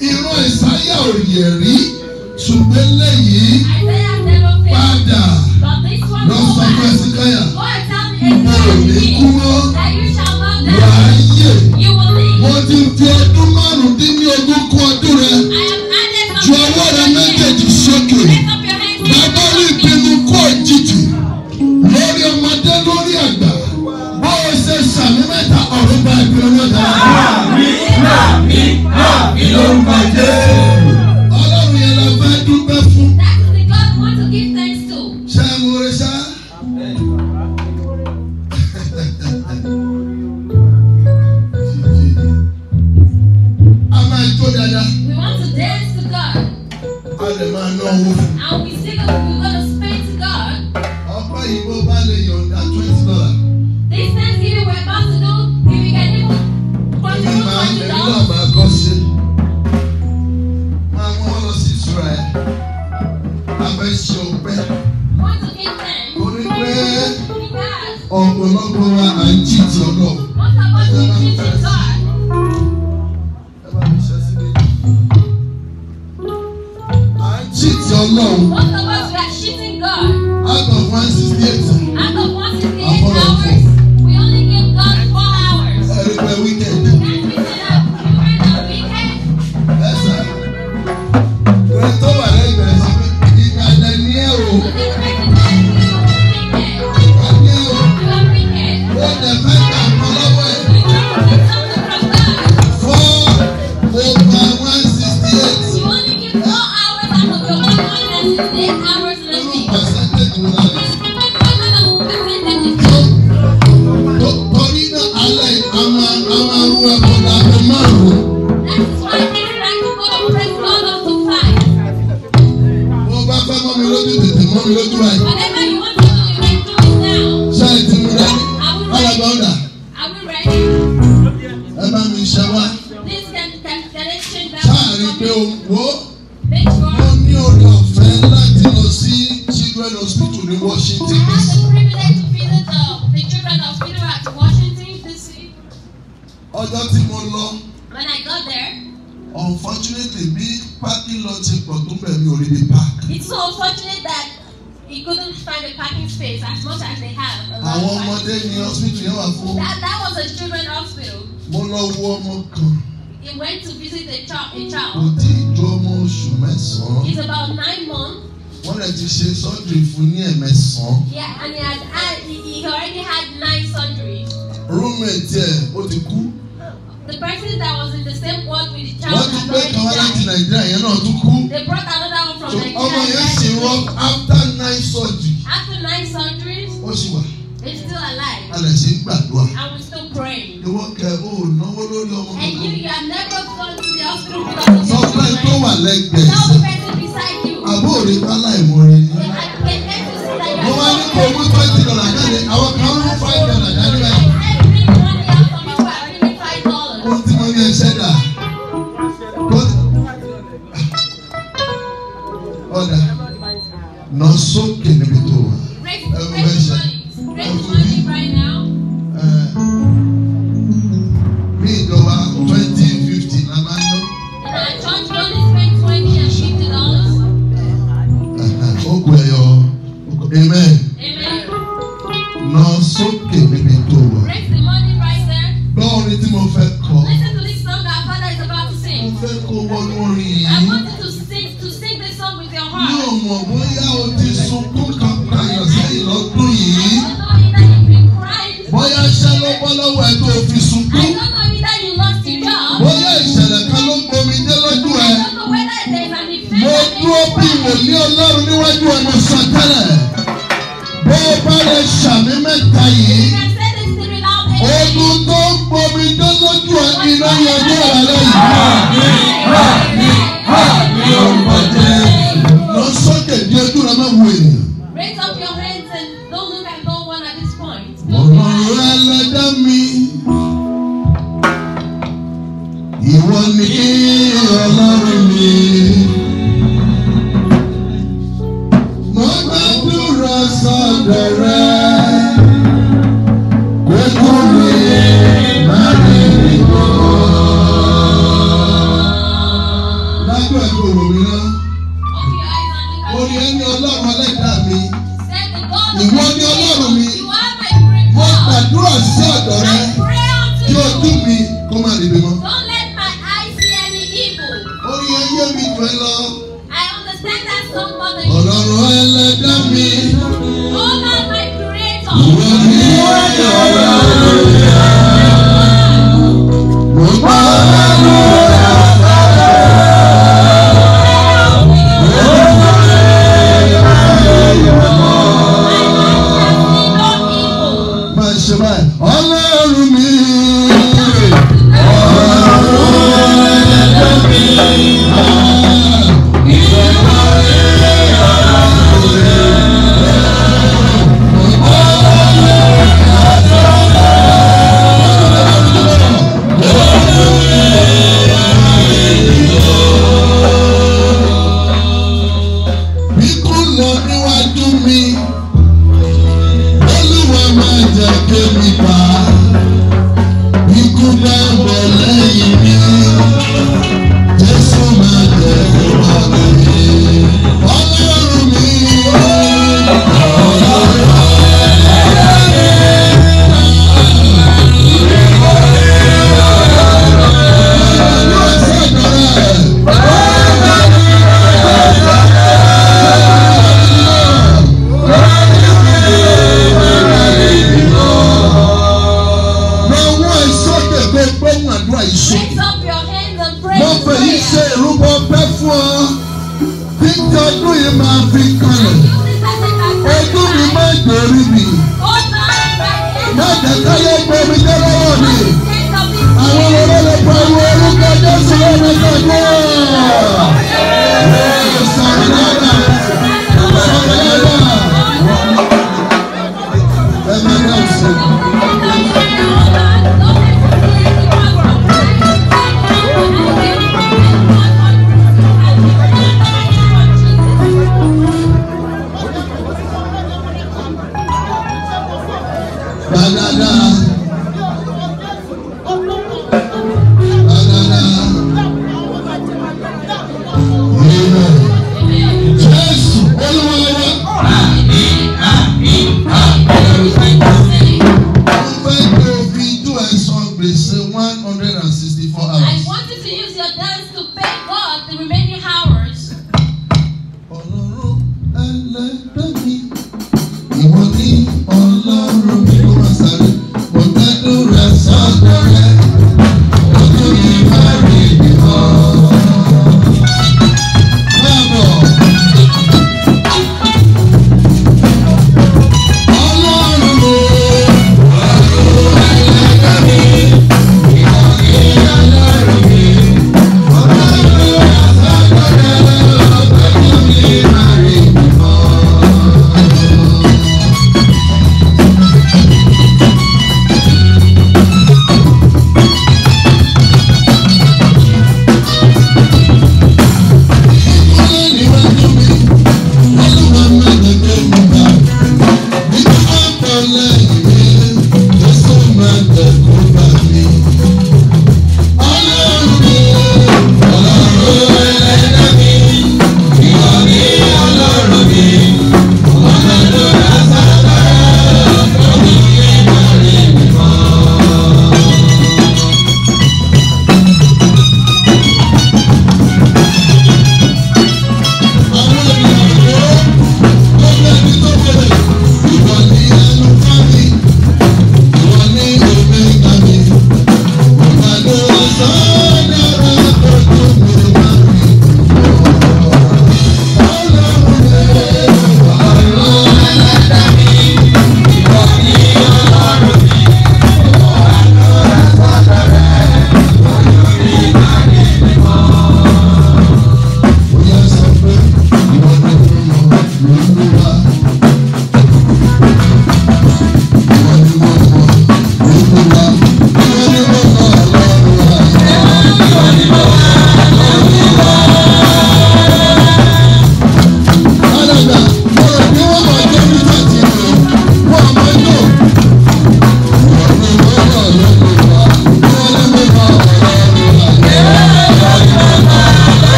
ìran ìsáyà ò yẹ rí ṣùgbọ́n lẹ́yìn padà lọ sọ fún ẹsìkáyà mo ò ní kú mọ́ wàá yè mo ti fi ọdún.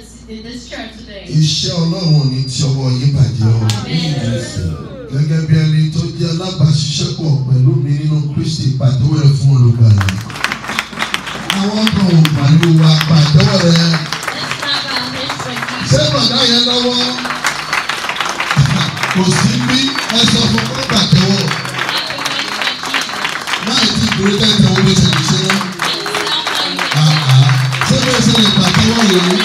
Iṣẹ́ Ọlọ́run ní ti ọwọ́ yín bàjẹ́ o. Gẹ́gẹ́ bí ẹni tó jẹ́ alábàáṣiṣẹ́pọ̀ pẹ̀lú mi nínú Kristi pàtẹ́wọ́ ẹ̀ fún olùgbàlà. Àwọn kan pàlú wa pàtẹ́wọ́ rẹ̀. Ṣé bàbá yẹn lọ́wọ́? Kò sí bí ẹ sọ fún kó pàtẹ́wọ́. Láì tí ìgbòho tẹ̀ tẹ̀ bí ṣe lè ṣe náà. Ah, ah. Ṣé bí ẹ ṣe lè pàtẹ́wọ́ yìí?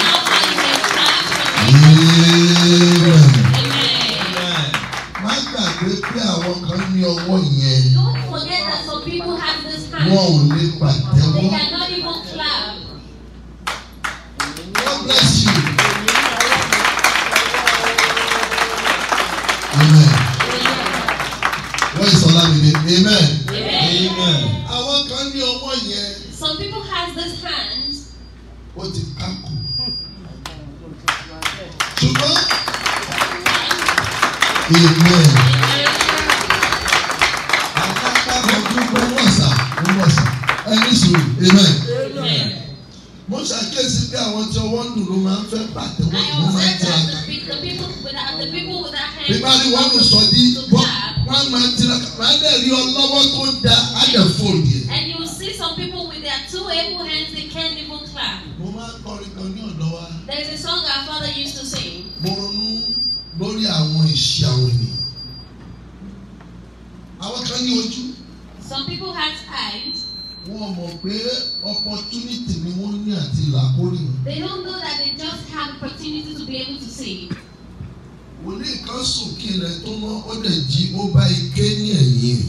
Má gbàgbé pé àwọn kan ní ọwọ́ yẹn. Don't forget that some people have this hand. Wọ́n ò lè pàtẹ́wọ́. They cannot even clap. God bless you. Amen. Wọ́n sọ lábìlẹ̀ Amen. Amen. Àwọn kan ní ọwọ́ yẹn. Some people have this hand. Ó ti bí bá rí sọ di wọn máa tiraka máa dẹ̀ rí ọlọ́wọ́ tó da á dẹ̀ yẹn. and you see some people with their two able hands they can't even clap. mo máa ń kọrin kan ní ọ̀dọ́ wa. there is a song our father used to sing. mo ronú lórí àwọn ìṣe àwọn ènìyàn. àwọn kan ní ojú. some people have eyes wọ́n mọ̀ pé opportunity ni wọ́n ní àti làkórè. they don't know that they just have opportunity to be able to see wòlíì kan sùn kí rẹ̀ tó mọ́ ó dẹ̀ jí ó bá ike ní ẹ̀yìn.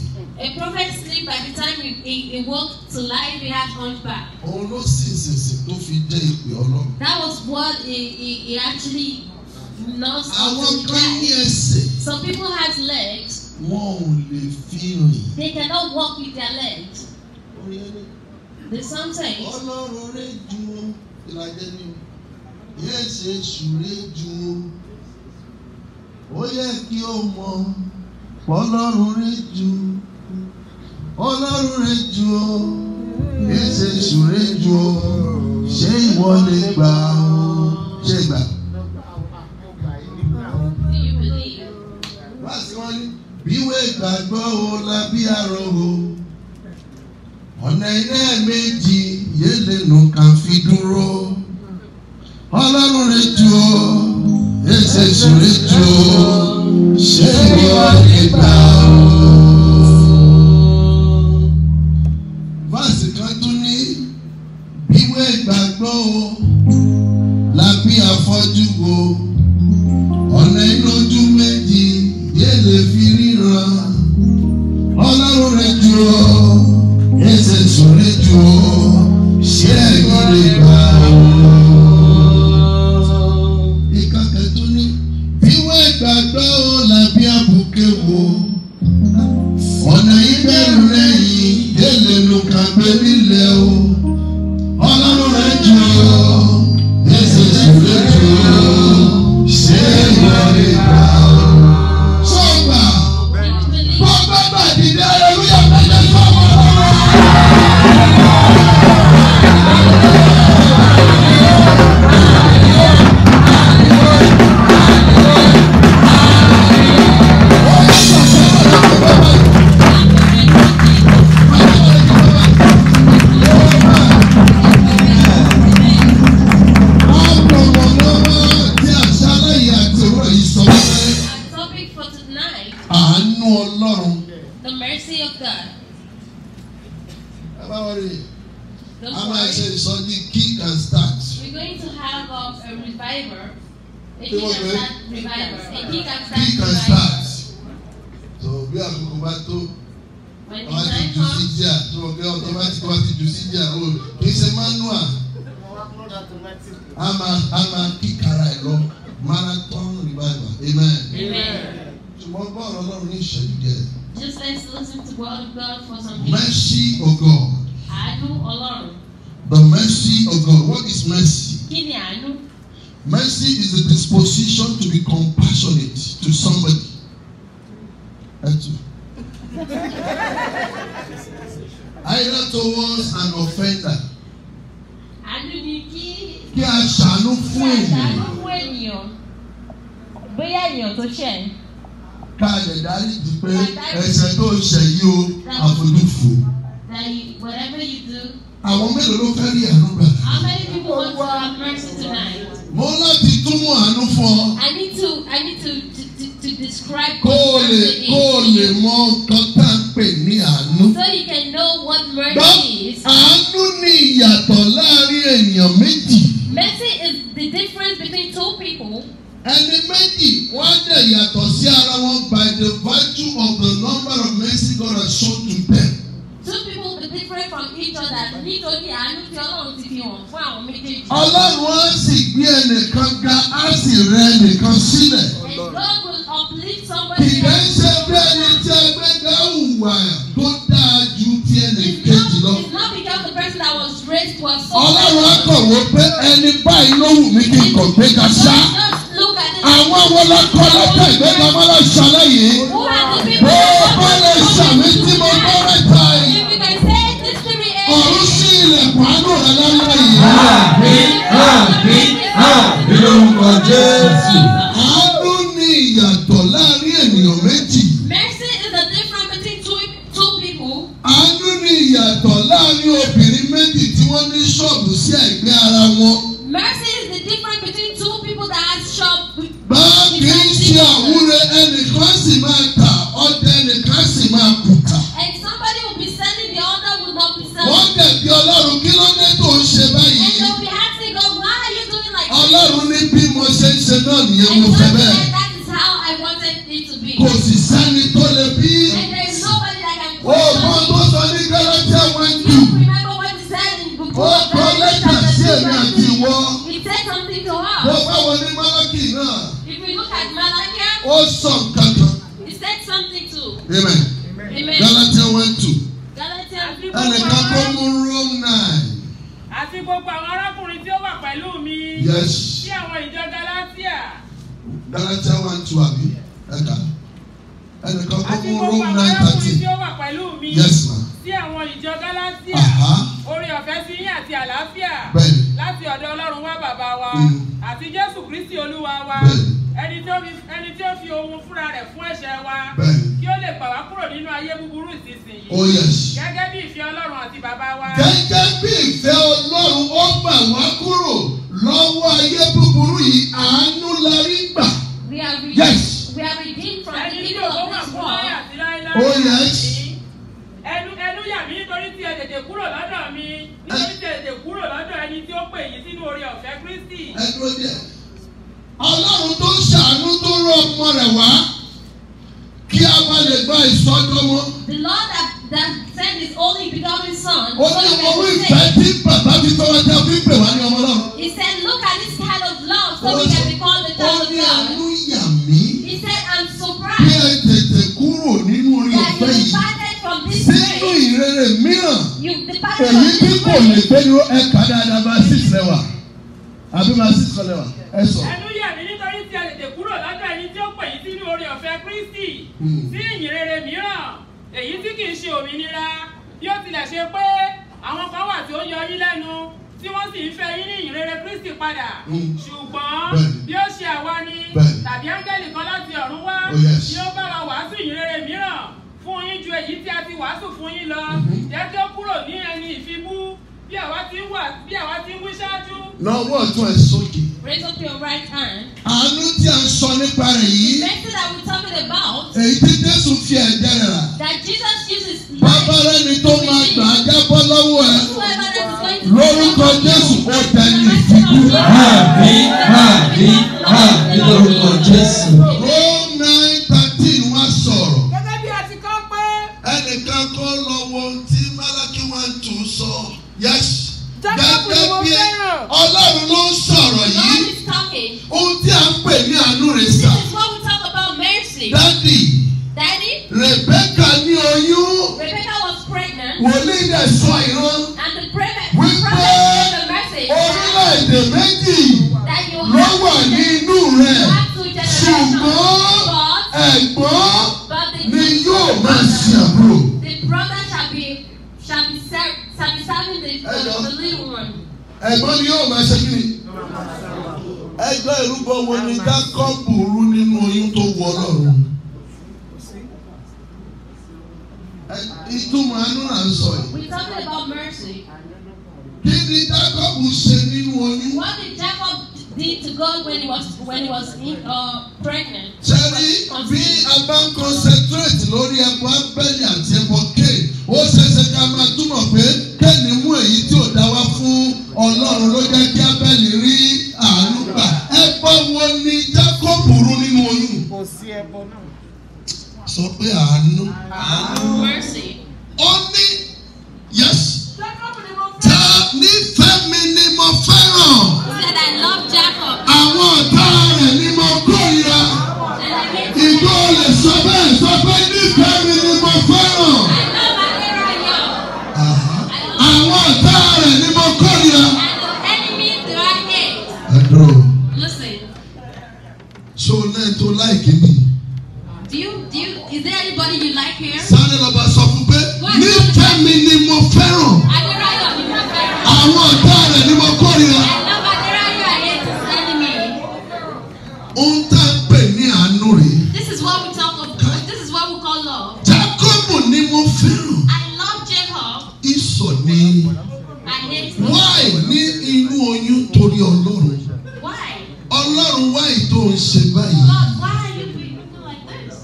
A prophet sleep by the time he, he, he woke to life he had hunchback. Òun ló sì ṣèṣìn tó fi dé ìpè ọlọ́run. That was what he, he, he actually lost. Àwọn kan ní ẹsẹ̀. Some people had legs. Wọ́n ò lè fi rìn. They cannot walk with their legs. Orin ẹni. The song says. Ọlọ́run rẹ̀ ju ìlàjẹ́ ni Yẹ́n ṣe sùn rẹ̀ ju o. ó yẹ kí o mọ̀ ọlọ́run rẹ jù ọlọ́run rẹ jù o èsè sùrẹ́ jù o ṣe gbà. Bíwé gbàgbọ́ o la bí arọ o, ọ̀nà iná méjì yé lè nù kàn fi dúró, ọlọ́run rẹ jù o. Esse jurisdição chegou a gritar. either towards an offender. àánú ni kí. kí a ṣàánú fún ènìyàn. kí a ṣàánú fún ènìyàn bóyá ènìyàn tó ṣẹ̀ ń. ká lè dárí di pé ẹ̀ṣẹ̀ tó ṣẹ̀ yìí o àfojúfò. àwọn mélòó ló fẹ́ àánú gbà. how many people want to have mercy tonight. mo láti túmọ̀ àánú fún ọ. I need to I need to to to, to describe. kó o lè kó o lè mọ nǹkan tá à ń pè ní àánú. so you can know. difference between two people. Ẹni méjì wọ́n dẹ̀ yàtọ̀ sí ara wọn by the virtue of the number of mercy God has shown to them. Two people be different from each other nítorí àánú tí Ọlọ́run ti fi hàn fún àwọn méjèèjì. Ọlọ́run á sì gbé ẹnìkan ga á sì rẹ ẹnìkan sílẹ̀. And God will uplift somebody. ń ṣe bí ẹni tí ẹgbẹ́ gá hùwà tó dáa ju ti ẹnìkejì lọ. It's not because person that was raised was so. Ọlọ́run á kàn wọ́n pé ẹni báyìí ló wù mí kí n kàn gbé ga ṣá. Àwọn wo la kọ́ lọ́tẹ̀ ìgbéga mọ́ lọ ṣàlẹ́ yìí? Bó o bá lè ṣàmì tí mo bọ́ mẹ́ta yìí. Ọ̀run sí ilẹ̀kùn àánú rẹ̀ lọ́lá yìí. Àmì àmì àmì lórúkọ Jésù. ṣọ́ọ̀bù sí ẹ̀gbẹ́ ara wọn. Mercy is the difference between two people that shop. Bá kì ṣe àwúre ẹnìkan sì máa tà ọdẹ ẹnìkan sì máa kùtà. somebody will be selling the other will not be selling. Wọ́n dẹ̀ bí Ọlọ́run kí ló dé tó ń ṣe báyìí. why are you doing like this? Ọlọ́run ní bí mo ṣe ń ṣe náà nìyẹn mo fẹ́ bẹ́ẹ̀. that is how I wanted it to be. Kò sì sẹ́ni tó lè bí. And there wọlé Málákì náà. If we look at Malachi. Ó sọ nǹkan kan. He said something too. Amen. Amen. Galatia one two. Galatians three point one. Ẹnìkan kó mú Rome nine. Àti gbogbo àwọn arákùnrin tí ó wà pẹ̀lú mi. Yes. Sí àwọn ìjọ Galatia. Galatians one two àbí ẹ̀ka. Yeah ẹnìkan tó mú room nine thirty. àti gbogbo àwọn arákùnrin tí ó wà pẹ̀lú mi. yes ma. sí àwọn ìjọ galatia. oore ọ̀fẹ́ sí yín àti àlàáfíà. bẹ́ẹ̀ni. láti ọ̀dọ̀ ọlọ́run wá bàbá wa. Mm. àti jésù kristi olúwa wa. ẹni tí ó fi ohun fúnra rẹ̀ fún ẹ̀ṣẹ̀ wa. bẹ́ẹ̀ni. kí ó lè pà wá kúrò nínú ayé búburú ìsinsìnyí. oh yes. gẹ́gẹ́ bí ìfẹ́ ọlọ́run àti bàbá wa. gẹ́gẹ́ bí ìfẹ́ ọlọ́run ó gbà wá kúrò lọ́wọ́ ayé búburú yìí àánú la rí gbà. yes. We are redeemed from the evil of this world. Oh yes. Ẹnu ẹnu yà mí nítorí tí ẹ tètè kúrò lọ́dọ̀ mi nítorí tí ẹ tètè kúrò lọ́dọ̀ ẹni tí ó pè yín sínú oore ọ̀fẹ́ Kristi. Ẹ dúró díẹ̀. Ọlọ́run tó ń ṣàánú tó rán ọmọ rẹ̀ wá kí a bá lè gba ìsọdọmọ. The Lord has sent his only begotten son. Ó ní owó ìfẹ́ tí bàbá mi tó wá fún ìpè wá ní ọmọ náà. He said, look at this kind of love so we can be called the child of God. Ó ní àánú yà. pé sínú ìrere mìíràn èmi tí kò lè gbé dúró ẹ̀ka dáadáa máa sì lẹ́wà àbí máa sì sọ lẹ́wà ẹ sọ. ẹnu yà mí nítorí tí a lè tè kúrò lọ́dọ̀ ẹni tí ó pè yí sínú oore ọ̀fẹ́ Kristi hmm. sí ìyìnrere mìíràn èyí tí kì í ṣe òmìnira bí ó tilẹ̀ ṣe pé àwọn kan wà tí ó yọ yín lẹ́nu tí wọ́n sì ń fẹ́ yín ní ìrere Kristi padà hmm. ṣùgbọ́n bí ó ṣe àwa ni tàbí áńgẹ́lì kan láti ọ̀run wá oh, ni ó bá wa wàásù ìrere mìíràn fún yín ju èyí tí a ti wàásù fún yín lọ mhm. jẹ́ kí ó kúrò ní ẹni ìfibú bí àwa ti ń wà bí àwa ti ń wí ṣáájú. lọ́wọ́ ọ̀tún ẹ̀ sókè. raise up your right hand. àánú tí a ń sọ nípa rẹ̀ yìí. the message that we talking about. èyí tí Jésù fi ẹ̀jẹ̀ rẹ̀ rà. that Jesus uses life. bàbá ni tó máa gbà á jábọ́ lọ́wọ́ ẹ̀. lórúkọ Jésù ó tẹ̀lé ìfibú. àmín àmín àmín lórúkọ Jésù. Yes. Jákọ́bù ni mo fẹ́ràn. Ọlọ́run ló ń sọ̀rọ̀ yìí. God is talking. Ohun tí a ń pè ní àánú rẹ̀ This is what we talk about mercy. Daddy. Daddy. Rebecca ní oyún. Rebecca was pregnant. Wòlíì dẹ̀ sọ ìran. And the prophet. Wípé orílẹ̀-èdè méjì ló wà ní inú rẹ̀. ẹ̀gbọ́n ni yóò máa ṣe kí ni ẹgbẹ́ ìrúbọ wo ni jákọ́bù rú nínú oyún tó wọ ọlọ́run ìtumọ̀ àánú là ń sọ yìí. about mercy. kí ni jákọ́bù ṣe nínú oyún. what did jacob did God when he was when he was uh, pregnant. Ṣẹ́ni bí a bá ń concentrate lórí ẹ̀kọ́ abẹ́lé àti ẹ̀kọ́ K, ó ṣeéṣe ká máa túmọ̀ pé Kéènì mú èyí tí ò dá wá fún Ọlọ́run ló jẹ́ kí Abẹ́lì rí àánú gbà. Ẹ̀kọ́ wo ni Jacob rú nínú oyún? Kò sí ẹbọ náà. Sọ pé àánú. Àánú. Ó ní yẹ́sì. Jacob ni mo fẹ́. Ta ní máa kórìíra. Ohun tá a pè ní àánú rèé. This is what we talk of. This is what we call love. Jacob ni mo fẹ́ràn. I love Jacob. Ìsọ̀ ni. I hate him. Why ní inú oyún torí Ọlọ́run? Why? Ọlọ́run wá ètò ìṣe báyìí. God, why are you people like this?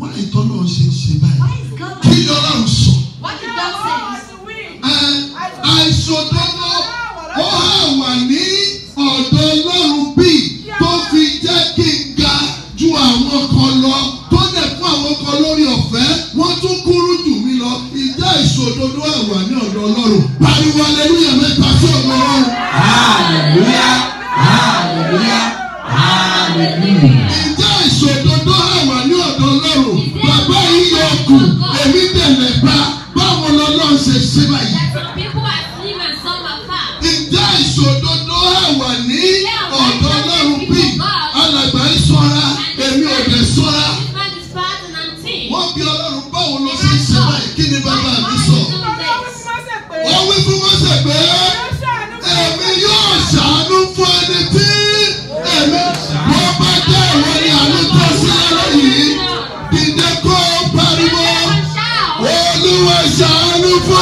Why ìtọ́nà ṣe ń ṣe báyìí? Why is God like this? Kí ni Ọlọ́run sọ? What did God say? Àìsàn tó ń bọ̀ wà ní ọ̀dọ̀ Ọlọ́run bí tó fi jẹ́ kí n ga ju àwọn kan lọ tó dẹ̀ fún àwọn kan lórí ọ̀fẹ́ wọ́n tún kúrú jù mí lọ ìjẹ́ ìṣòdodo ẹ̀wà ní ọ̀dọ̀ Ọlọ́run pariwo aleluya mẹ́ta sí ọ̀dọ̀ Ọlọ́run. aleluya aleluya aleluya. ìjẹ́ ìṣòdodo ẹ̀wà ní ọ̀dọ̀ Ọlọ́run bàbá yìí yọ ọkùn èmi tẹ̀lẹ̀ bá báwo lọ́lọ́run ṣe ṣe báyìí.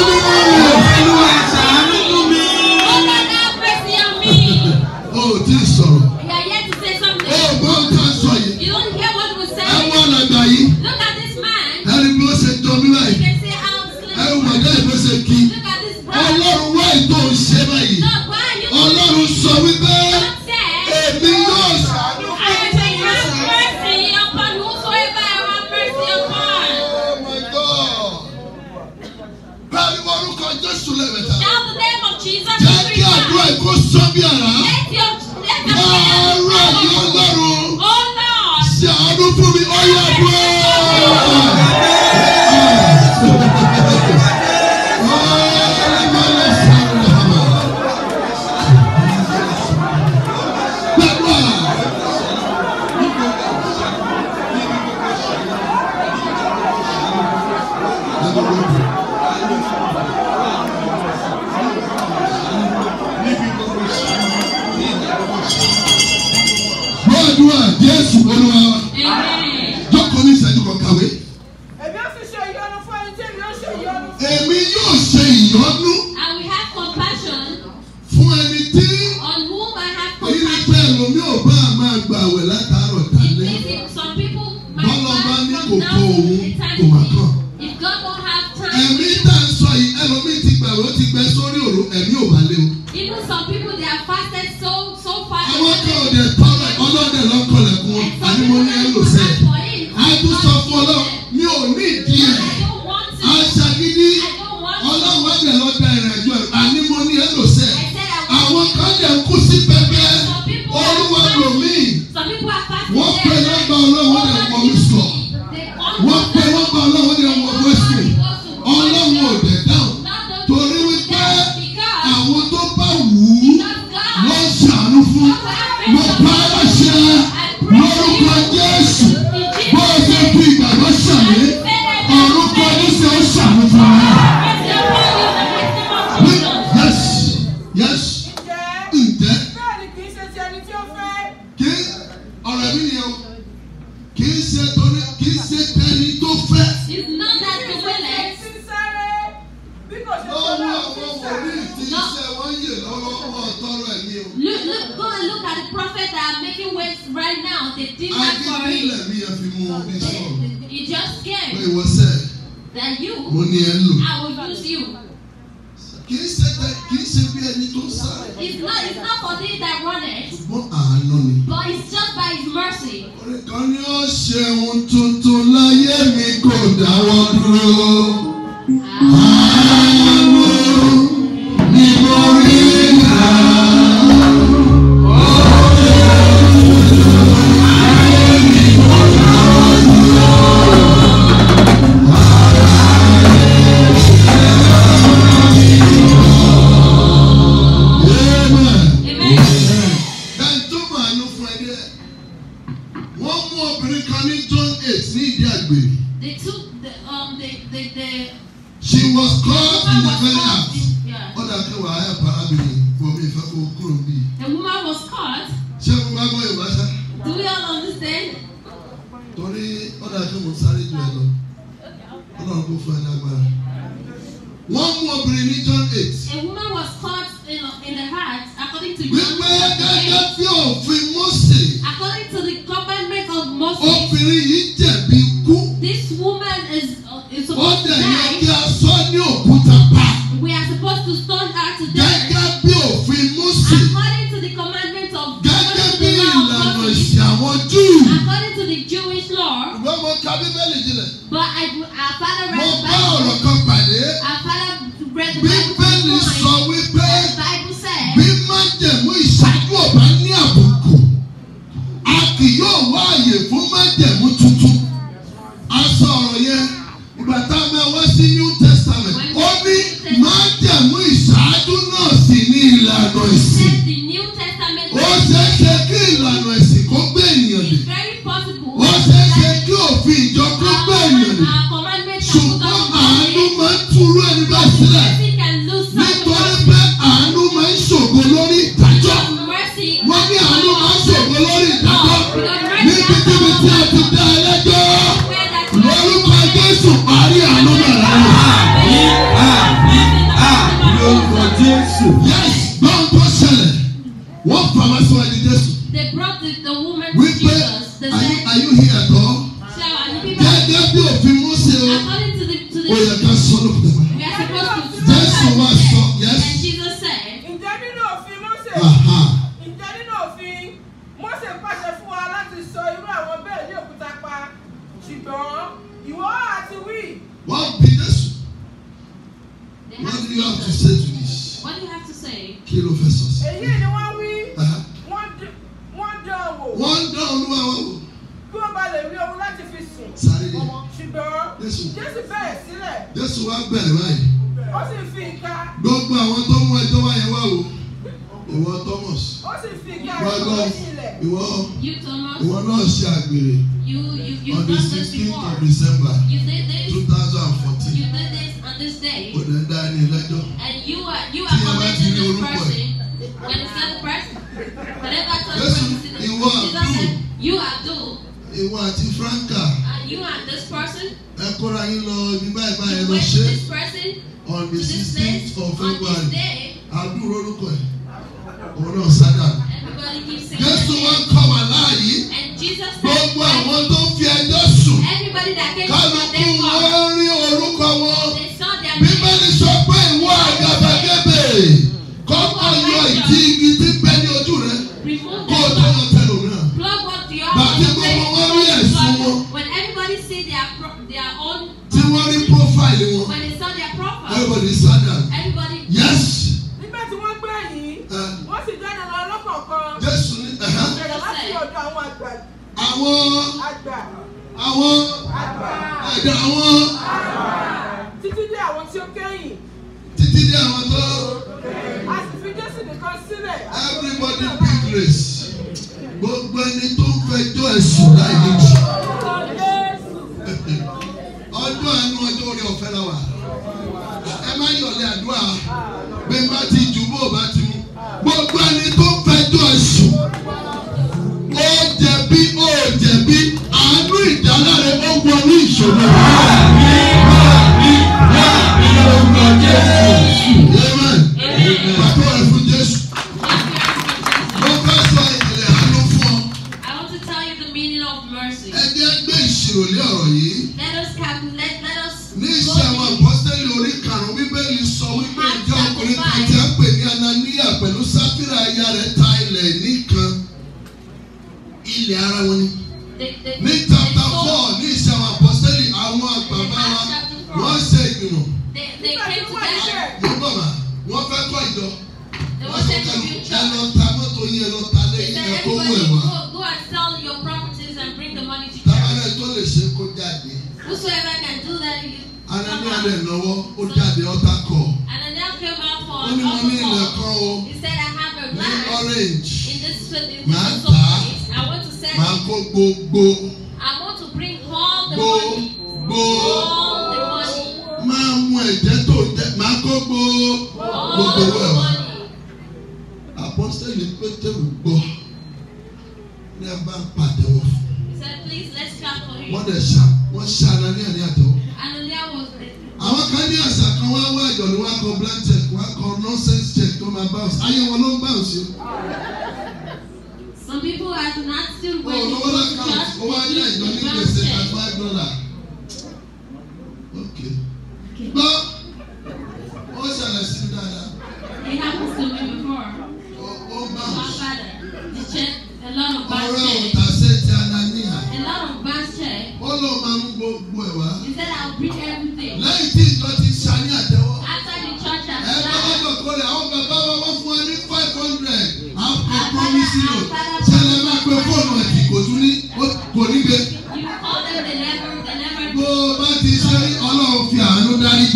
Hallelujah! Jésù Olúwa. àwọn ẹ̀dá àwọn. títí dé àwọn tí ó kẹ́yìn. títí dé àwọn tó. a sì fi Jésù nìkan sílẹ̀. everybody be grace. gbogbo ẹni tó ń fẹjọ́ ẹ̀sùn láì méjì. ọjọ́ àánú ọjọ́ orí ọ̀fẹ́ la wà. ẹ má yọ̀lẹ̀ àdúrà. Música wọ́n fẹ́ kọ́ ìjọ wọ́n sọ kẹ́lu ẹ lọ ta mọ́tò yín ẹ lọ ta lẹ́yìn ẹ kó wẹ̀ wá. Go and sell your properties and bring the money to church. Tabalẹ̀ tó lè ṣe kó jáde. Whosoever can do that, you anani alẹ lọ́wọ́ ó jáde ọta kọ ó ní wọn ní ilẹ̀ kan o ní orange máa ta máa kó gbogbo gbogbo ogun ẹ̀jẹ̀ tó ń jẹ máa kó gbogbo wẹ̀ wá. Apọ́sítẹ́lì Pétérù gbọ́ ní ẹ bá pàtẹ́wọ́ fún. Wọ́n dẹ̀ ṣá wọ́n ṣá Anania ní àtẹ́wọ́. Àwọn kan ní àṣà kan wá wá ìjọ̀lú wá kọ blank check wá kọ nonsense check tó máa bounce ayé wọn ló ń bounce. Some people are not still when oh, they go to church. Owó ajá ìjọ ní gbọ́ ó ṣẹlẹ̀ sí mi dáadáa. It happens to me before. Ó bá mi. My father, a lot of bad checks. Ọ̀rẹ́ òtà ṣe ti Anania. A lot of bad checks. Ó lọ máa ń gbogbo ẹ̀ wá. He said I bring everything. Lẹ́yìn tí ìjọ ti ṣa ní àtẹwọ́. After the church has started. Ẹ bá bá bàbá rẹ̀ àwọn bàbá wa wọ́n fún wa ní five hundred. Àwọn kan promise you.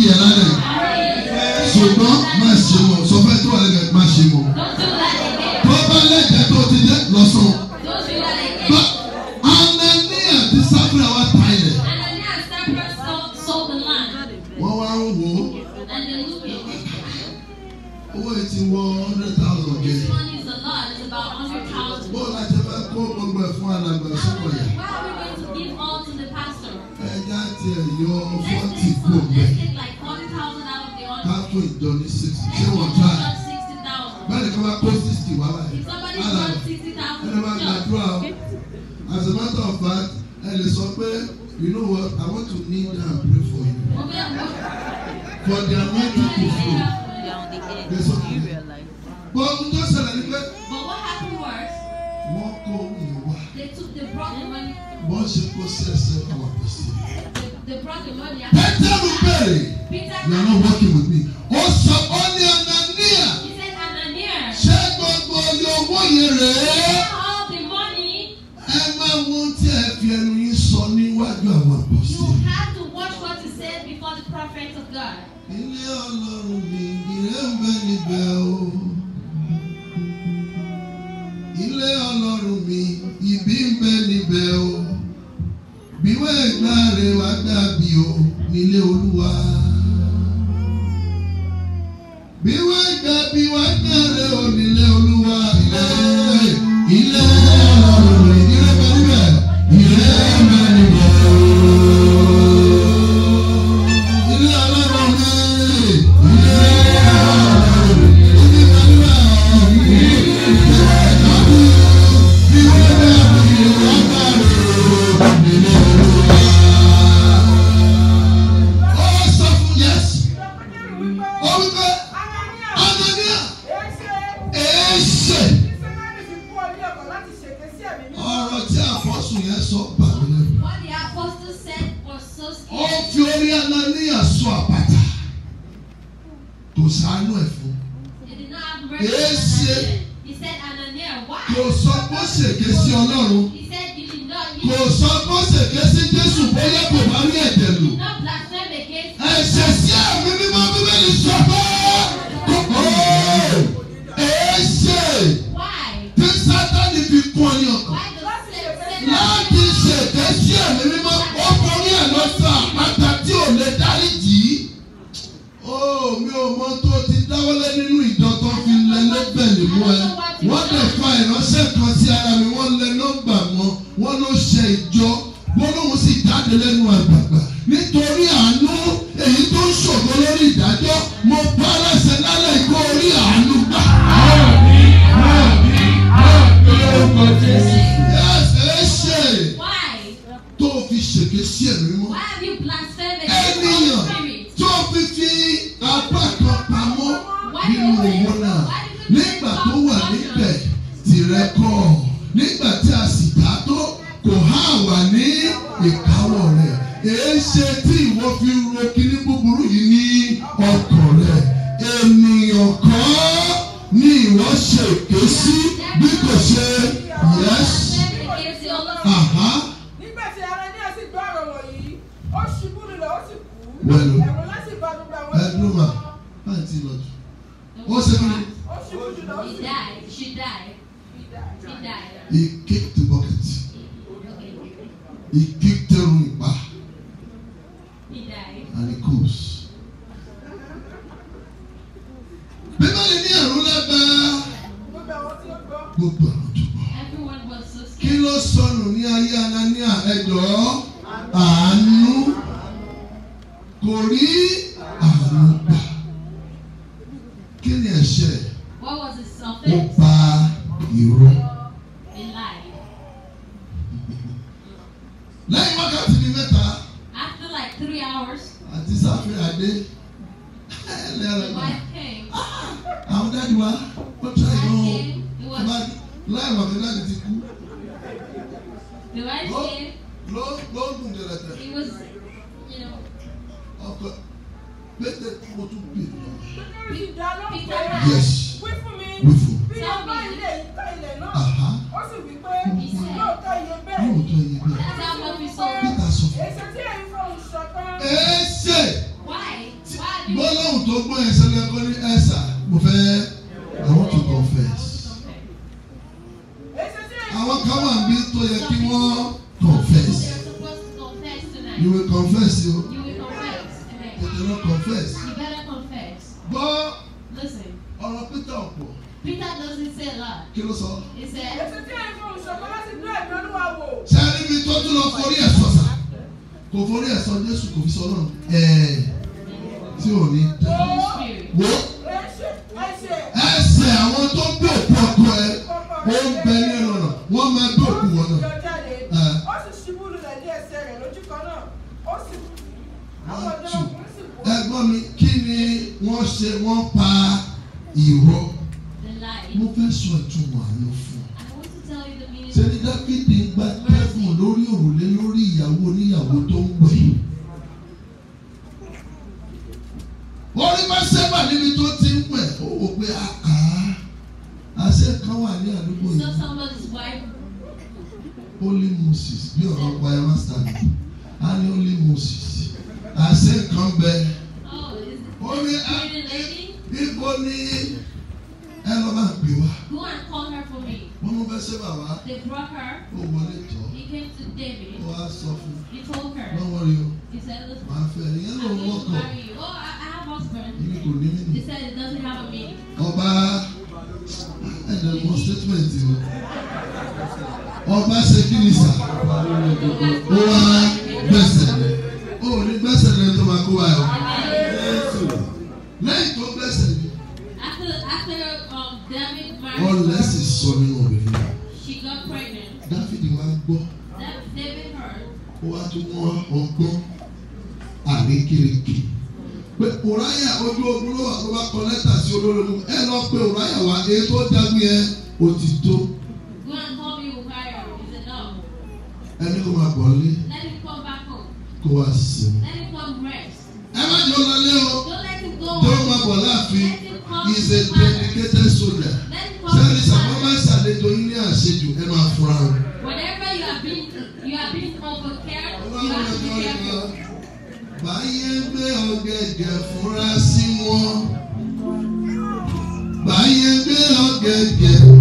yẹ lánàá ṣùgbọ́n. ẹ sọ pé you know what I want to kneel down and pray for you for their mighty to flow. They sọ pé bọ́ ohun tó ṣẹlẹ̀ ni pé. But what happened was. Wọ́n kó ìwà. They took the money. ṣe kó sẹ́sẹ́ àwọn àpèsè. They brought the money. Pétérù bèrè. You are not working with me. Ó sọ ó ní Anania. said Anania. Ṣé gbogbo iye owó wo tí ẹ fi ẹnu yín sọ níwájú àwọn àpọ̀sí. You have to watch what you say before the prophet of God. Ilé Ọlọ́run mi ìrẹ́ ń bẹ níbẹ̀ o. Ilé Ọlọ́run mi ìbí ń bẹ níbẹ̀ o. Bíwé ìgbà rẹ̀ wá dàbí o nílé Olúwa. Bíwé ìgbà bí wá dàrẹ̀ o nílé Olúwa. Ilé Ilé. ṣeé ṣe. Kò sọ pé ó ṣèké sí Ọlọ́run. Kò sọ pé ó ṣèké sí Jésù bóyá kò bá rí ẹ̀jẹ̀ lò. Ẹ̀ṣẹ̀ sí ẹ̀mí mímọ́ bíbélì sọ pé kòkó ẹ̀ṣẹ̀ tí Sátánì fi kún ọyàn láti ṣèké sí ẹ̀mí mímọ́ ó forí ẹ̀ lọ sí àpáta tí ò lè dáríjì. Ó oh, mi ò mọ tó ti dáwọ́lé nínú bẹ́ẹ̀lì mú ẹ wọ́n lè fa ìránṣẹ́ kan sí ara mi wọ́n lẹ nọ́mbà mọ́ wọ́n ló ṣe ìjọ wọ́n lóun sì jáde lẹ́nu àgbààgbà nítorí àánú èyí tó ń ṣògo lórí ìdájọ́ mo bá aláṣẹ lálẹ́ ìkó orí àánú gbà. àmín àmín àmín orúkọ Jésù. ẹ ṣe tó fi ṣèké sí ẹ̀mí mọ́ ènìyàn tó fi fi apá kan pamọ́ nínú òun rẹ kọ̀ nígbà tí a sì dá tó kò há wà ní ìkáwọ́ rẹ èé ṣe tí ìwọ fi ro kíní búburú yìí ní ọkàn rẹ ènìyàn kọ́ ni ìwọ ṣe èké sí bí kò ṣe yẹs. nígbà tí ara ní àti gbọ́ ọ̀rọ̀ wọ̀nyí ó ṣubú lulẹ̀ ó sì kú ẹ̀wọ̀n láti bá gbogbo àwọn ènìyàn. ẹ̀dùnmá láti lọ jù ó ṣe kí ni. ló was you know. ọkọ pété mo tún bèrè lọ. ìdáná yes. ẹni kò máa bọ̀ lé kó wá sí i. ẹ má jọ lọ lé o tó máa bọ̀ láàfin is a dedicated soldier sẹ́ni sàmọ́ máa ń ṣàlejò yín ní àṣejù ẹ máa fura o. whenever you are being you are being overcared you have to be careful. báyé gbé ọ̀gẹ̀dẹ̀ fura sí wọn báyé gbé ọ̀gẹ̀dẹ̀.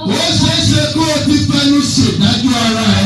ó ṣeé ṣe kó o ti fẹnu ṣèdájọ́ ara ẹ.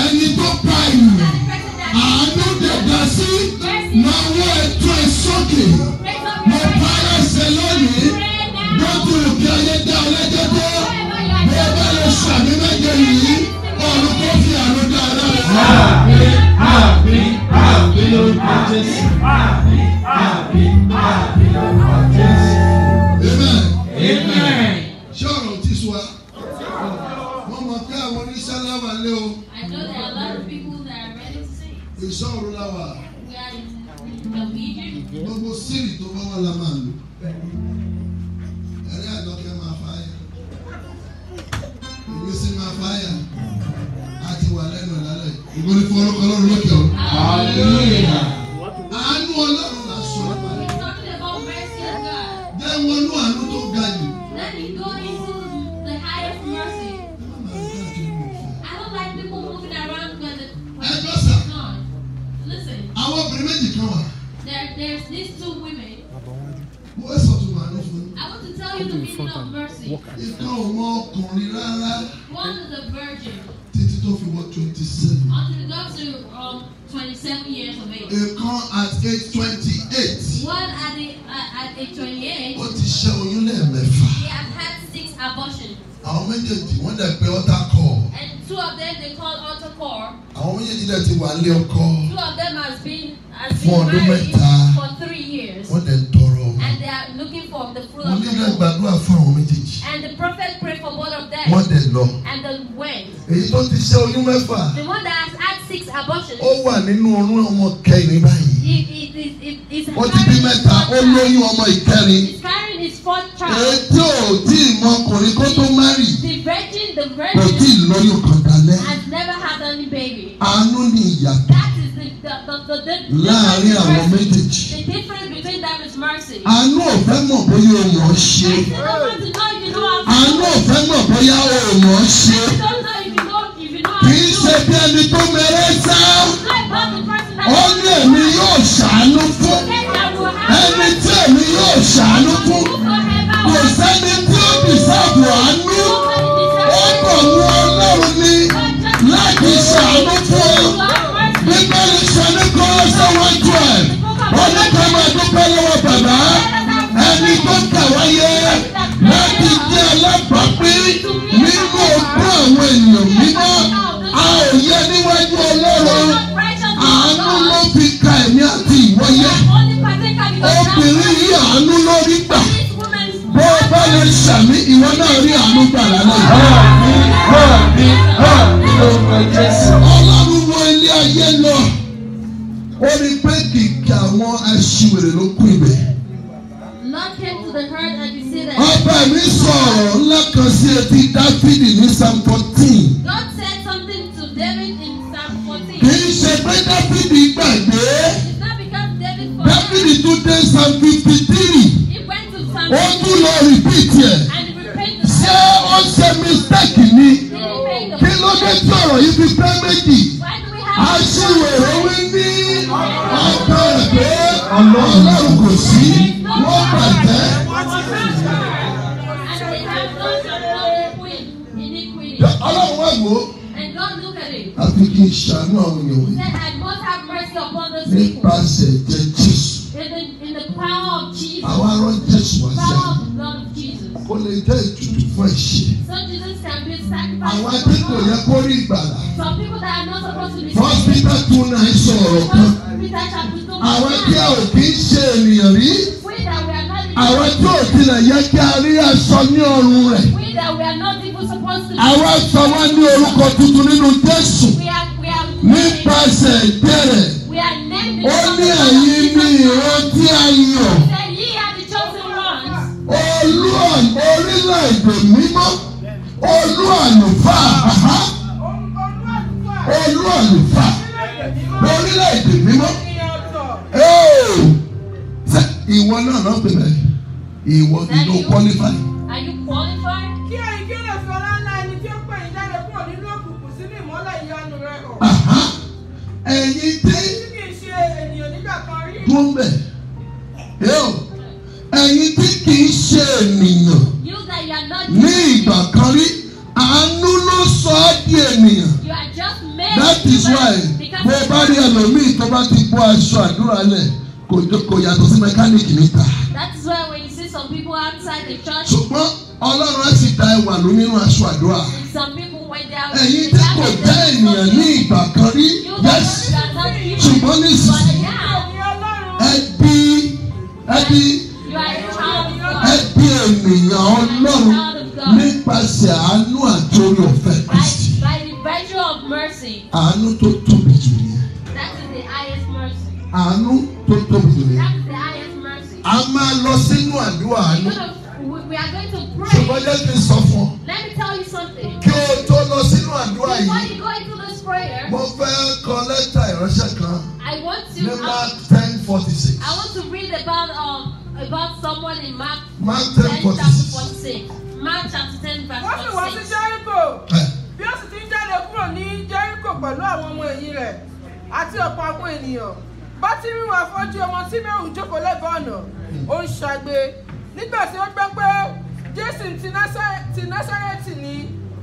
ẹni tó pa ènìyàn àánú dẹ̀dá sí lọ́wọ́ ẹ̀tọ́ ẹ̀ sókè mo pa ẹsẹ̀ lónìí gbọ́dọ̀ òkè ayé dá ọlẹ́jẹ́ tó bí ẹ bá lè ṣàmì méje yìí ọ̀run tó fi àrùn dá ara rẹ̀. àmín àmín àmín lórúkọ Jésù àmín àmín àmín lórúkọ Jésù. amen. amen. sorrow lawa ti wà lé ọkọ fún ọdún mẹ́ta wọ́n dẹ̀ ń tọrọ. wọ́n nílò ìgbàdúrà fún of méjèèjì. wọ́n dẹ̀ lọ. èyí tó ti ṣe oyún mẹ́fà. ó wà nínú oyún ọmọ kẹrin báyìí. ó ti bí mẹ́ta ó lóyún ọmọ ìkẹrin. èyí tí ò kó tó ìyàtọ̀ láàárín àwọn méjèèjì. àánú ò fẹ́ mọ̀ bóyá o mọ̀ ọ́ ṣe. àánú ò fẹ́ mọ̀ bóyá o mọ̀ ọ́ ṣe. kì í ṣe bí ẹni tó mẹ́rẹ́ sá. ó ní èmi yóò ṣàánú fún. ẹni tí èmi yóò ṣàánú fún. kò sẹ́ni tí ó bì sáàbù àánú. ó kàn mú máa dúpẹ́ lọ́wọ́ bàbá ẹni tó kà láti jẹ́ alábàápín nínú ogún àwọn ènìyàn mímọ́ a ò yẹ níwájú ọlọ́run àánú ló fi ka ẹ̀mí àti ìwọ́yẹ obìnrin yìí àánú ló rí gbà bó o bá lè sàmì ìwọ náà rí àánú gbà lálẹ́ yìí. ọlọ́run wo ilé ayé lọ ó rí pé kìkì àwọn aṣiwèrè ló kú ibẹ̀. ọba mi sọ̀rọ̀ ńlá kan sí etí dáfídì ní psalm fourteen. God said something to David in psalm fourteen. kì í ṣe pé dáfídì gbàgbé. dáfídì tún dé psalm fifty three. ó tún lọ repeat ẹ̀. ṣé ó ṣe mistake ni kí ló dé tí ọ̀rọ̀ yìí fi pẹ́ méjì aṣiwèrè wí bí ọgbẹ́rẹ̀ pé ọlọ́run kò sí wọ́n pàtẹ́. ọlọ́run wà wò ó. àfi kí ìṣàánú àwọn èèyàn wọ̀nyí. nípasẹ̀ ẹ̀jẹ̀ jésù. àwọn arọ́ jésù wá sí àná kó lè jẹ́ ìtútù fún ẹ̀ṣẹ̀. Àwọn ẹbí kò yẹ kó rí ìgbàlà. First Peter two nine sọ̀rọ̀ kan. Àwọn tí a ò kí ń ṣe ènìyàn rí. Àwọn tí ò tilẹ̀ yẹ kí a rí aṣọ ní ọrùn rẹ̀. Àwọn sọ wá ní orúkọ tuntun nínú Jésù. Nípasẹ̀ ìbẹ̀rẹ̀. Ó ní ẹ̀yin ní ìrántí ayọ̀ olú orílẹ̀-èdè mímọ́ olú àlùfáà olú àlùfáà orílẹ̀-èdè mímọ́ ìwọ náà náà pè bẹ́ẹ̀ ìwọ ìlú qualify. Are you qualified? kí ẹ̀yin kí lè fi ọlá ńlá ẹni tí ó pè yín jáde kúrò nínú òkùnkùn sínú ìmọ́lẹ̀ ìyanu rẹ̀ hàn. ẹ̀yin tí. tí kì í ṣe ènìyàn nígbà kan rí. tó ń ẹ̀yin tí kì í ṣe ènìyàn ní ìgbà kan rí àánú ló sọ ọ́ di ènìyàn that is why bó bá rí ẹlòmíì tó bá ti bọ́ aṣọ àdúrà lẹ̀ kò yàtọ̀ sí mẹkáníìkì níta. that is why when you see some people outside the church. ṣùgbọ́n ọlọ́run á sì da ẹwà ló nínú aṣọ àdúrà. some people when they are. ẹ̀yin tí kò dá ènìyàn ní ìgbà kan rí yes ṣùgbọ́n nísinsìnyí ẹbí ẹbí ẹbí ènìyàn ọlọ́run nípasẹ̀ àánú àti orí ọ̀fẹ́ Kristi. àánú tó tóbi jù nìyẹn. àánú tó tóbi jù nìyẹn. a máa lọ sínú àdúrà àánú. We are going to pray. ṣùgbọ́n jẹ́ kí n sọ fún ọ. Let me tell you something. kí o tó lọ sínú àdúrà yìí. Before you go into this prayer. mo fẹ́ kọ lẹ́tà ìránṣẹ́ kan. I want to. ní Mark ten forty six. I want to read about. Um, about someone in Mark, Mark 10, 10 chapter 46. Mark chapter 10 verse 46. Wọ́n sì wọ́n sí Jẹ́ríkò. Bí ó sì ti ń jáde kúrò ní Jẹ́ríkò pẹ̀lú àwọn ọmọ ẹ̀yìn rẹ̀ àti ọ̀pọ̀ àwọn ènìyàn. Bátírì wọn afọ́jú ọmọ tí mẹ́rùn jókòó lẹ́bàá ọ̀nà. Ó ń ṣagbe. Nígbà tí ó gbọ́ pé Jésù ti Násárẹ́tì ni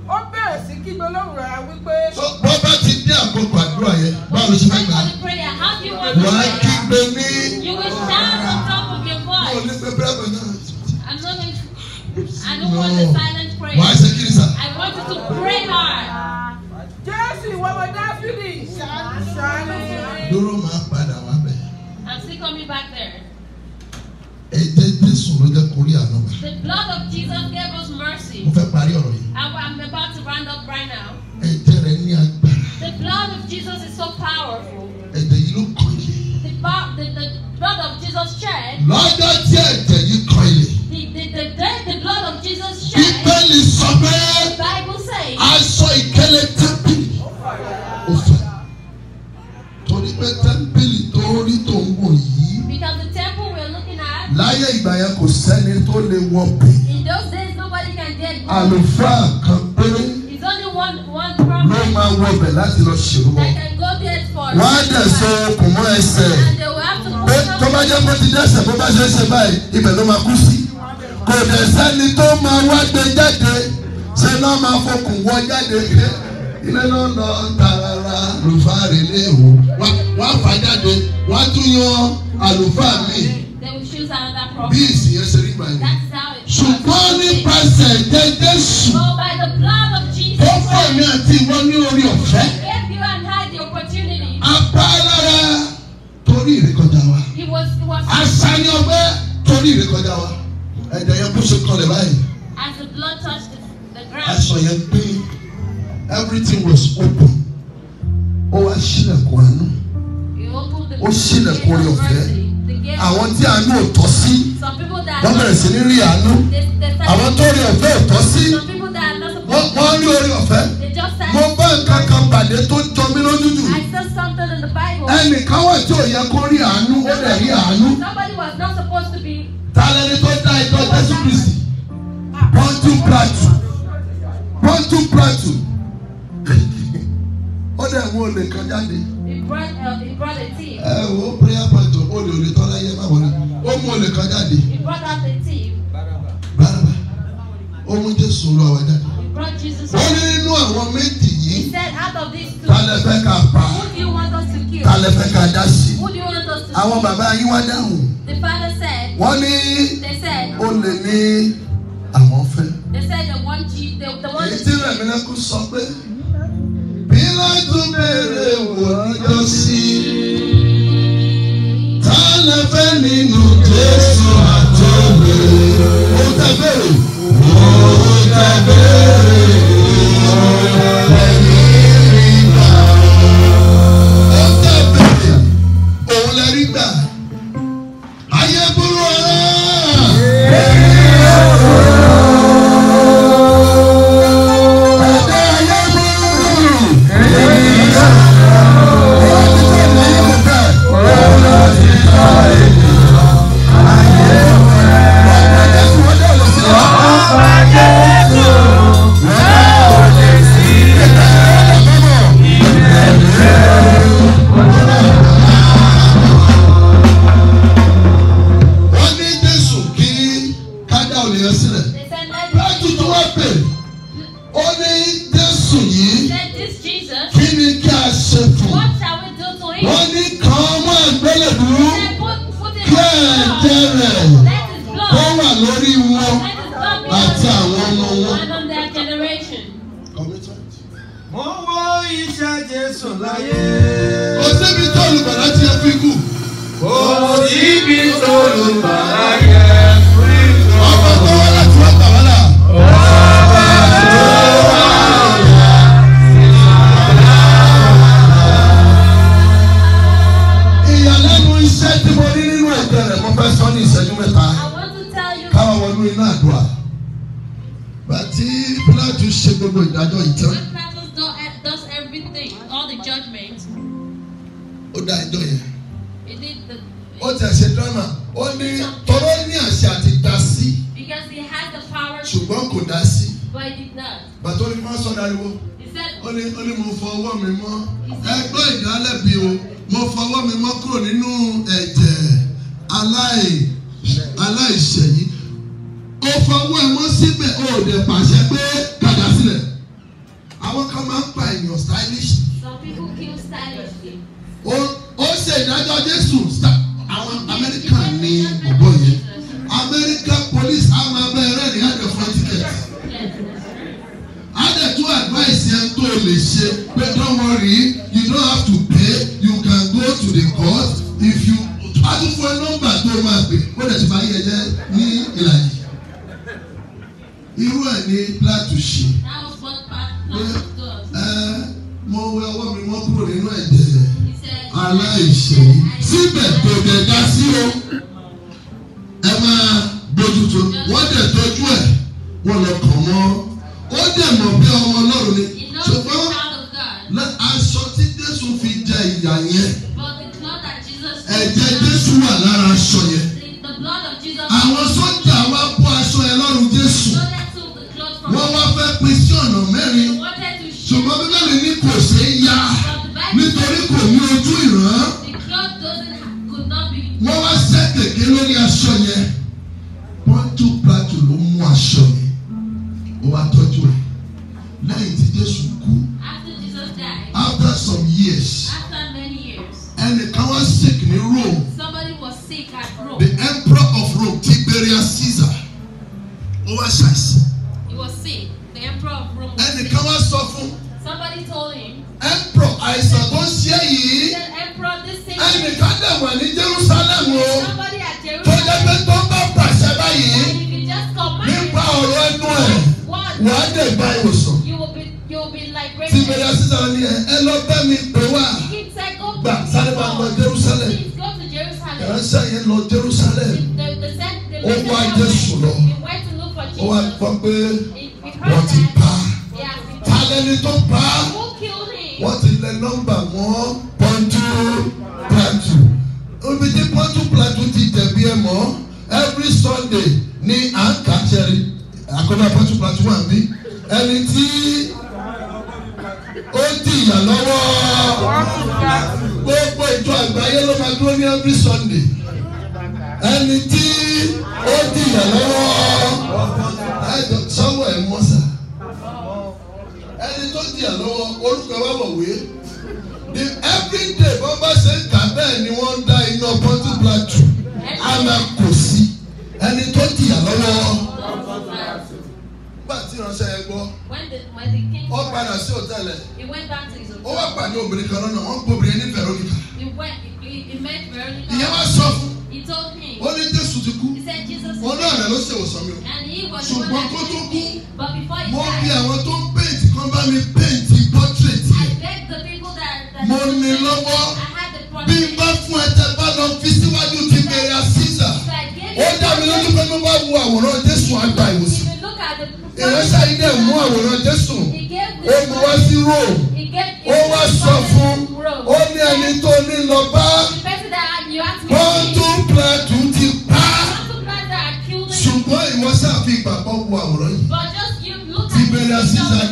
ó bẹ̀rẹ̀ sí kí gbólóhùn rárá wípé. bó bá ti dé àkókò àdúrà yẹn báwo ló ṣe fẹ́ gbà. wàá kígbe ní. you will stand on top I'm not going I don't want the silent prayer. I want to pray hard. Jesse, what was that feeling? I'm still coming back there. The blood of Jesus gave us mercy. I'm about to round up right now. The blood of Jesus is so powerful the, the blood of Jesus shed. lọ́jọ́ tí ẹ̀jẹ̀ yìí kọ the the the day the blood of Jesus shed. bíbélì sọ pé. the bible says. aṣọ ìkélé tẹ́ḿpìlì ó fẹ́. torí pé tẹ́ḿpìlì tó rí tó ń wò yìí. because the temple we are looking at. láyé ìgbà yẹn kò sẹ́ni tó lè wọ bẹ̀. in those days nobody can dare go. àlùfáà kan péré. it's only one one ló máa wọ bẹ̀ láti lọ ṣèrúbọ. wọ́n á dẹ̀ so okùn mọ́ ẹsẹ̀ pé tó bá jẹ́ pé ti dẹ́sẹ̀ bó bá ṣe é ṣe báyìí ibẹ̀ ló máa kú sí. kò dẹ̀ sẹ́ni tó máa wá gbé jáde ṣe náà máa fokùn wọ jáde pé ilé náà lọ tààrà àlùfáà rẹ̀ lé wò wá fà jáde wá tún yan àlùfáà mi bí ìsìn yẹn ṣe rí gbàgbé ṣùgbọ́n nípasẹ̀ jẹ́ Jésù ó fún àti ìwọ ní orí ọ̀fẹ́. gave you and her the opportunity. apá lára torí ìrékọjá wa. he was he was. asani ọgbẹ́ torí ìrékọjá wa. ẹ̀jẹ̀ yẹn kú sí kọlẹ̀ báyìí. as the blood touched the ground. aṣọ yẹn pé everything was open. ó wá sílẹ̀kùn àánú. ó sílẹ̀kùn orí ọ̀fẹ́ àwọn tí àánú ò tọ́ sí wọ́n bẹ̀rẹ̀ sí ní rí àánú àwọn tó rí ọ̀fẹ́ ò tọ́ sí wọ́n rí orí ọ̀fẹ́ mo bá nǹkan kan pàdé tó jọ mí lójú jù ẹnìkan wà tí ò yẹ kó rí àánú ó lè rí àánú tálẹ́ni tó dá ìjọ Jésù Kristi pọ́ńtù pàtù pọ́ńtù pàtù ó dẹ̀ mú olè kan jáde uh, ẹ wo prayer point olè olè tọ́lá yẹ báwo ni ó mú olè kan jáde. Baraba ó mú Jésù Olúwa jáde. ó ní nínú àwọn méjì yìí ta lẹ fẹ́ ká pa ta lẹ fẹ́ ká dá sí àwọn bàbá yín wá dáhùn wọ́n ní ó lè ní àwọn fẹ́. ètí rẹ̀ mi lẹ́kùn sọ pé bí látún béèrè wò níjọ́ sí ta lẹ fẹ́ nínú Jésù àtọ́wé ó tẹ bẹ́ẹ̀. Oh,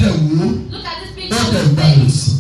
wò ó ó dẹ̀ balance.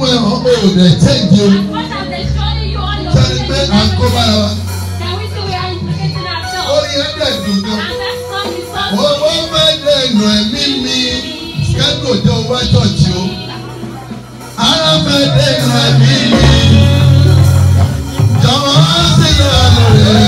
wẹ̀ ọ́ o rẹ̀ tẹ̀gì o. Sẹ́ni pé à ń kó bára wa. Orí ẹ̀ dẹ̀ dùn gan. Owó máa dẹ̀ nù ẹ̀mí mi kẹ́kọ̀ọ́ jẹ́ owó àjọ̀jì o. Ara máa dẹ̀ nù ẹ̀mí mi. Jọ̀wọ́ sí ìlànà rẹ̀.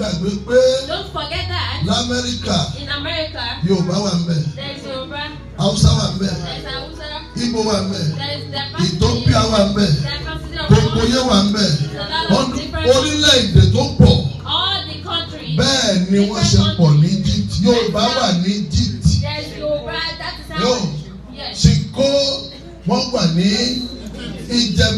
gbàgbé pé lamẹ́ríkà Yorùbá wà ń bẹ̀ Haúsá wà ń bẹ̀ Igbo wà ń bẹ̀ Ethiopia wà ń bẹ̀ gbogbo yẹn wà ń bẹ̀ orílẹ̀-èdè tó pọ̀ bẹ́ẹ̀ ni wọ́n ṣe pọ̀ ní Egypt Yorùbá wà ní Egypt yóò ṣìkó wọ́n wà ní ìjẹ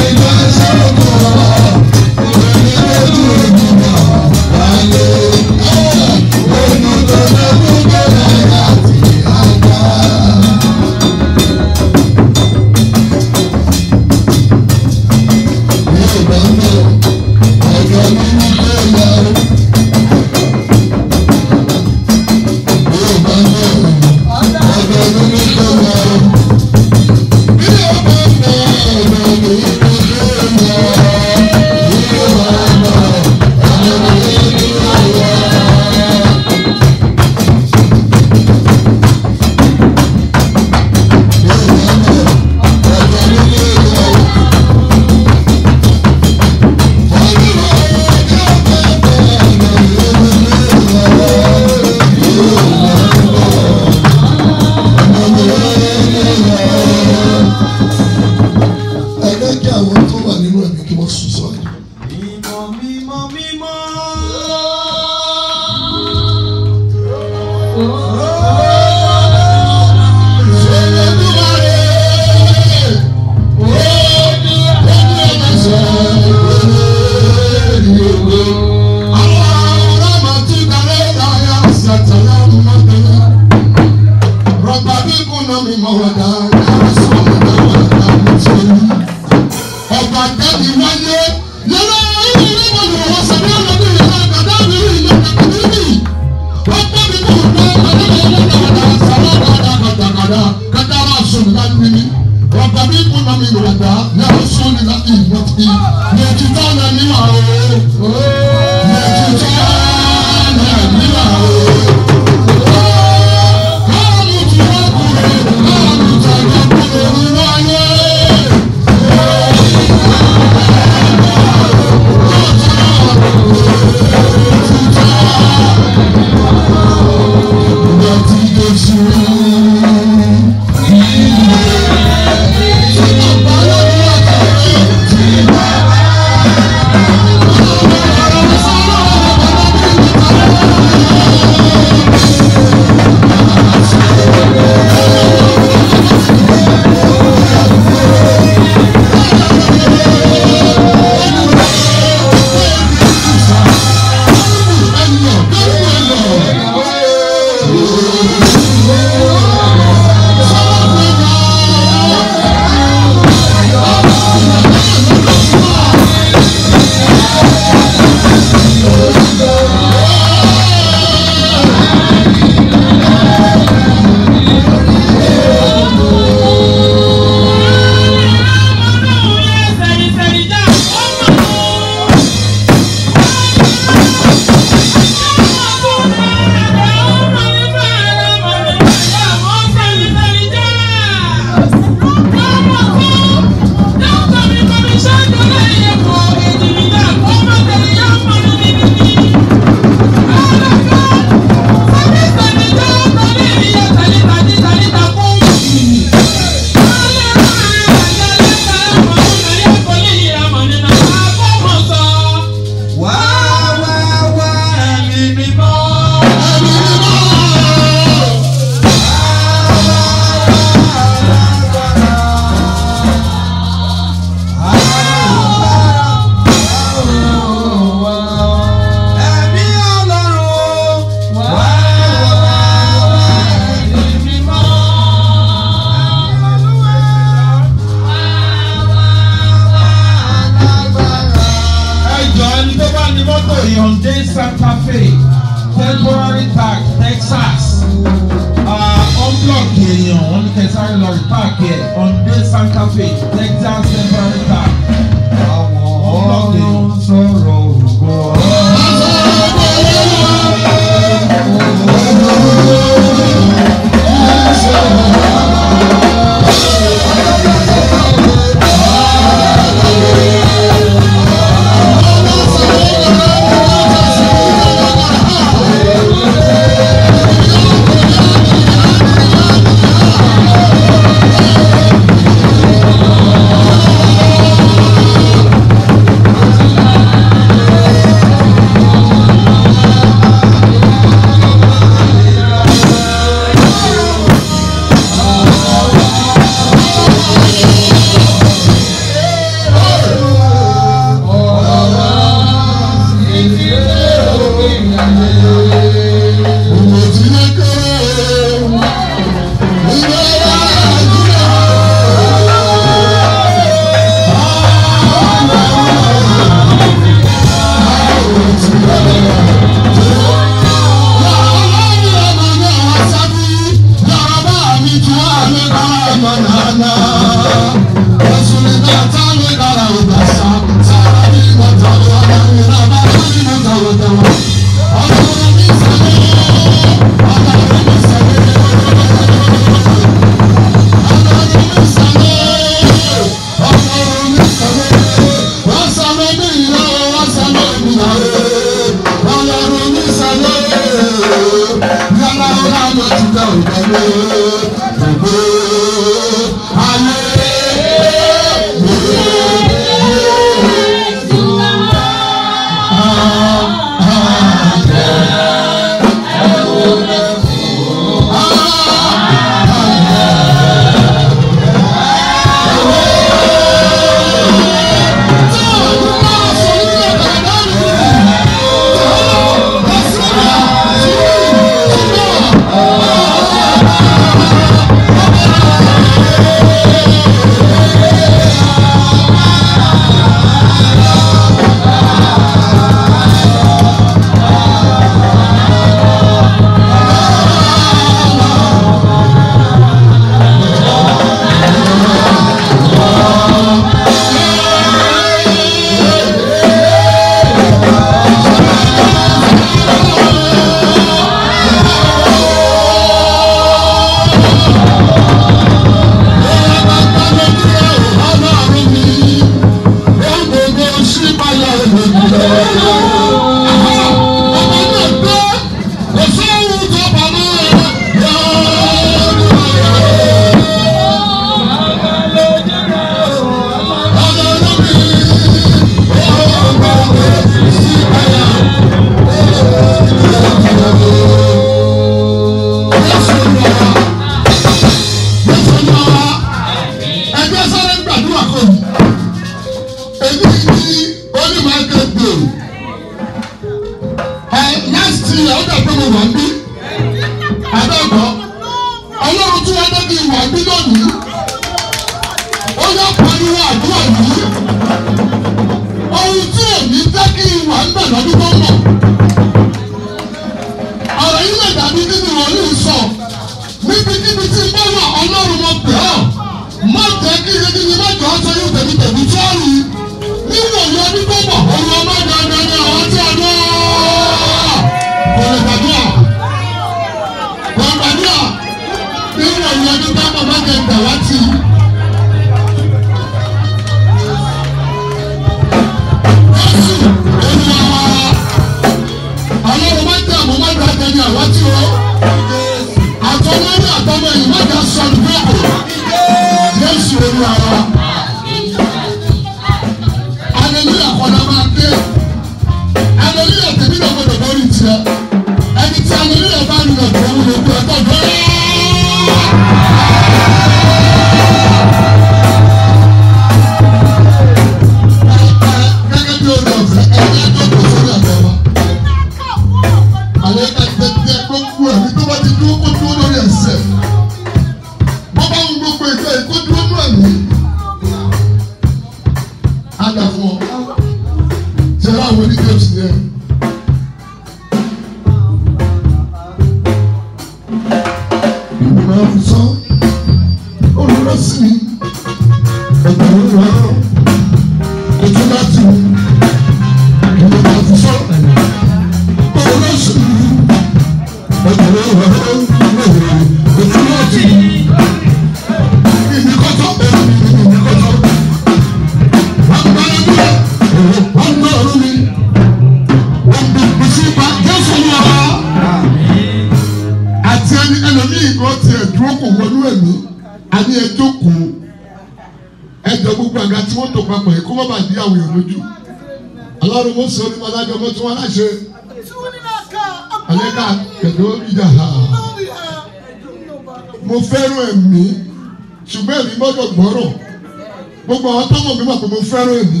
gbogbo àwọn tọ́mọ̀ mi wà pé mo fẹ́ràn èmi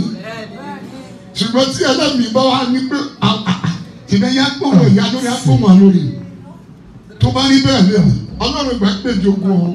ṣùgbọ́n tí ẹlẹ́mìí bá wà ní pé ah, ah, ah, tìǹbẹ̀ yá gbọ́mọ̀ ìyá lórí agbọ́mọ̀ lórí tó bá rí bẹ́ẹ̀ lẹ́yìn ọlọ́run gbà pé jogun ọ̀hún.